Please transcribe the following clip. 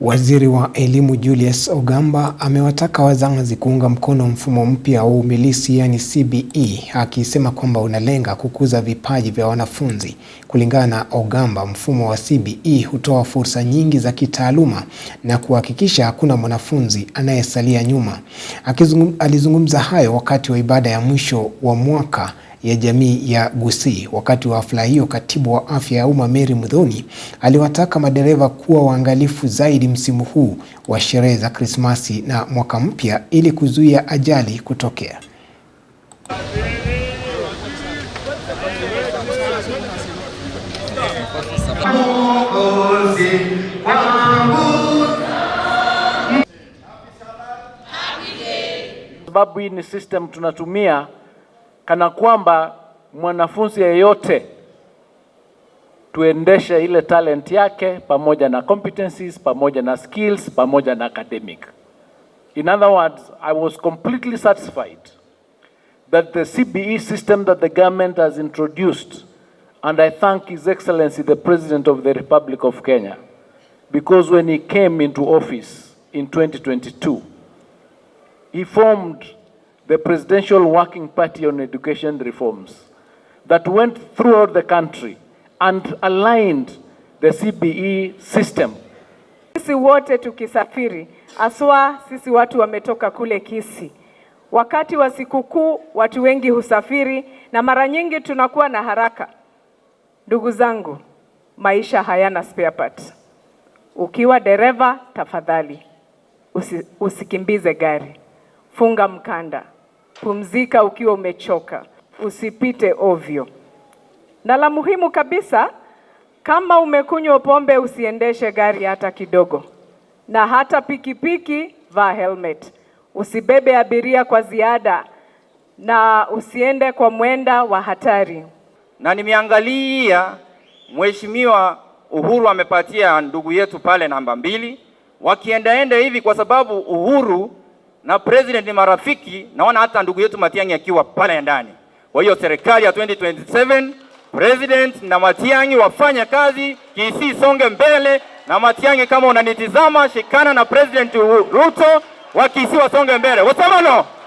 Waziri wa Elimu Julius Ogamba amewataka wazazi kuunga mkono mfumo mpya wa umilisi yani CBE, akisema kwamba unalenga kukuza vipaji vya wanafunzi. Kulingana na Ogamba, mfumo wa CBE hutoa fursa nyingi za kitaaluma na kuhakikisha hakuna mwanafunzi anayesalia nyuma. Akizungum, alizungumza hayo wakati wa ibada ya mwisho wa mwaka ya jamii ya Gusii. Wakati wa hafla hiyo, katibu wa afya ya umma Mary Muthoni aliwataka madereva kuwa waangalifu zaidi msimu huu wa sherehe za Krismasi na mwaka mpya ili kuzuia ajali kutokea. Sababu hii ni system tunatumia kana kwamba mwanafunzi yeyote tuendeshe ile talent yake pamoja na competencies pamoja na skills pamoja na academic. In other words, I was completely satisfied that the CBE system that the government has introduced and I thank His Excellency the President of the Republic of Kenya because when he came into office in 2022 he formed the Presidential Working Party on Education Reforms that went throughout the country and aligned the CBE system. Sisi wote tukisafiri, aswa sisi watu wametoka kule kisi Wakati wa sikukuu watu wengi husafiri na mara nyingi tunakuwa na haraka. Ndugu zangu, maisha hayana spare part. Ukiwa dereva, tafadhali usi, usikimbize gari, funga mkanda pumzika ukiwa umechoka, usipite ovyo. Na la muhimu kabisa, kama umekunywa pombe usiendeshe gari hata kidogo, na hata pikipiki, vaa helmet. Usibebe abiria kwa ziada na usiende kwa mwenda wa hatari. Na nimeangalia Mheshimiwa Uhuru amepatia ndugu yetu pale namba mbili, wakiendaenda hivi kwa sababu Uhuru na president ni marafiki, naona hata ndugu yetu Matiang'i akiwa pale ndani. Kwa hiyo serikali ya 2027 president na Matiang'i wafanya kazi, Kisii songe mbele. Na Matiang'i, kama unanitizama, shikana na president Ruto wa wasonge mbele, wasemano